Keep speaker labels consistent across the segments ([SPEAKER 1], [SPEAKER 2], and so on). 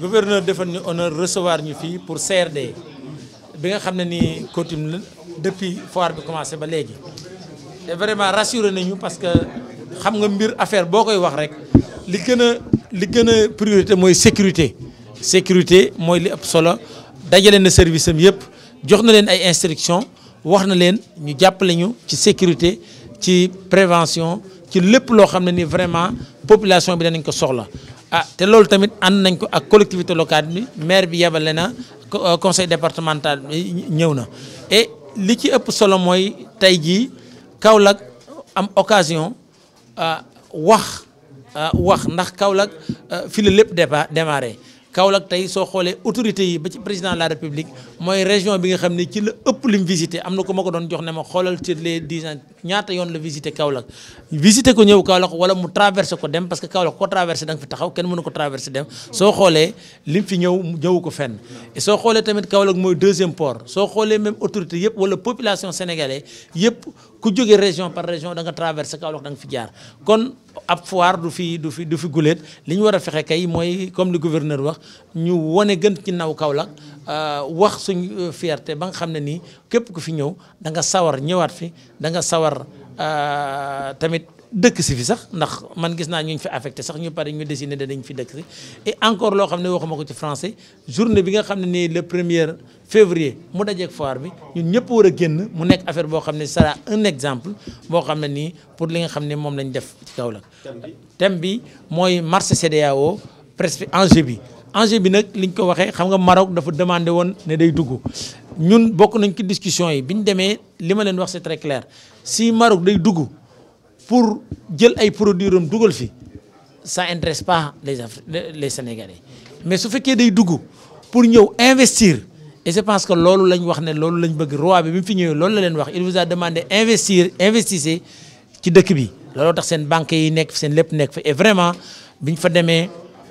[SPEAKER 1] Nous gouverneur recevoir ñu fille pour CRD bi nga depuis foire bi commencé ba vraiment rassuré parce que xam nga mbir affaire beaucoup wax rek li priorité sécurité sécurité moy li ëpp solo dajale na service am jox na instructions wax sécurité ci prévention ci lepp lo xamné ni vraiment population bi dañ ko soxla ah té loolu tamit and nañ ko ak collectivité locale bi maire bi yebale na euh, conseil départemental bi et li ci ëpp solo moy tey jii Kaolack am occasion euh, wax euh, wax ndax Kaolack fi la lépp dépa démarré Kaolack tay so xolé autorité yi ba ci président de la république moy région bi nga xamné ci le ëpp lim visiter amna ko mako don jox néma xolal ci les 10 ans ñaata yoon la visité Kaolack visité ko ñëw Kaolack wala mu traversé ko dem parce que Kaolack ko traversé da nga fi taxaw kenn mënu ko traversé dem soo xoolee lim fi ñëw ñëwu ko fenn soo xoolee tamit Kaolack mooy deuxième port soo xoolee même autorité yépp wala population sénégalaise yépp ku jógee région par région da nga traversé Kaolack da nga fi jaar kon ab foire du fi du fi du fi guléet li ñu war a fexe kay mooy comme le gouverneur wax ñu wone gën ci naw Kaolack euh, wax suñ euh, fierté ba nga xamné ni nii képp ku fi ñëw da nga sawar ñëwaat fi da nga sawar euh tamit dëkk si fi sax ndax man gis naa ñu fi affecté sax ñu pare ñu dessiné danañ fi dëkk si et encore loo xam ne waxuma ko ci français journée bi nga xam ne nii le premier février mu dajeeg foire bi ñun ñëpp war a génn mu nekk affaire boo xam ne sera un exemple boo xam ne nii pour li nga xam ne moom lañ def ci Kaolack thème bi mooy marché CDAO presque enjeu bi enjeu bi nag liñ ko waxé xam nga Maroc dafa demandé won né day dugg ñun bokku nañ ci discussion yi biñ démé demee li ma leen wax c'est très clair si Maroc day dugg pour jël ay produits am duggal fi ça intéresse pas les Afri les Sénégalais mais su fekkee day dugg pour ñëw investir et je pense que lolu lañ wax né lolu lañ bëgg roi bi bi fi ñëwee lolu la leen wax il vous a demandé investir investissez ci dëkk bi lolu tax sen banques yi nekk sen lepp nekk fa et vraiment biñ fa démé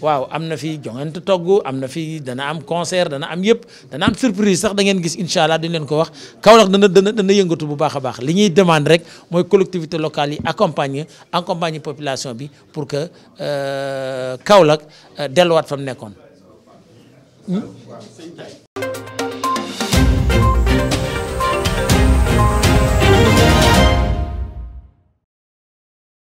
[SPEAKER 1] waaw am na fi jongante togg am na fi dana am concert dana am yëpp dana am surprise sax da ngeen gis incha allah dañ leen ko wax Kaolack dana dana dana yëngatu bu baax a baax li ñuy demande rek mooy collectivité locale yi accompagner accompagner population bi pour que euh, Kaolack euh, delluwaat fa mu nekkoon. Hmm?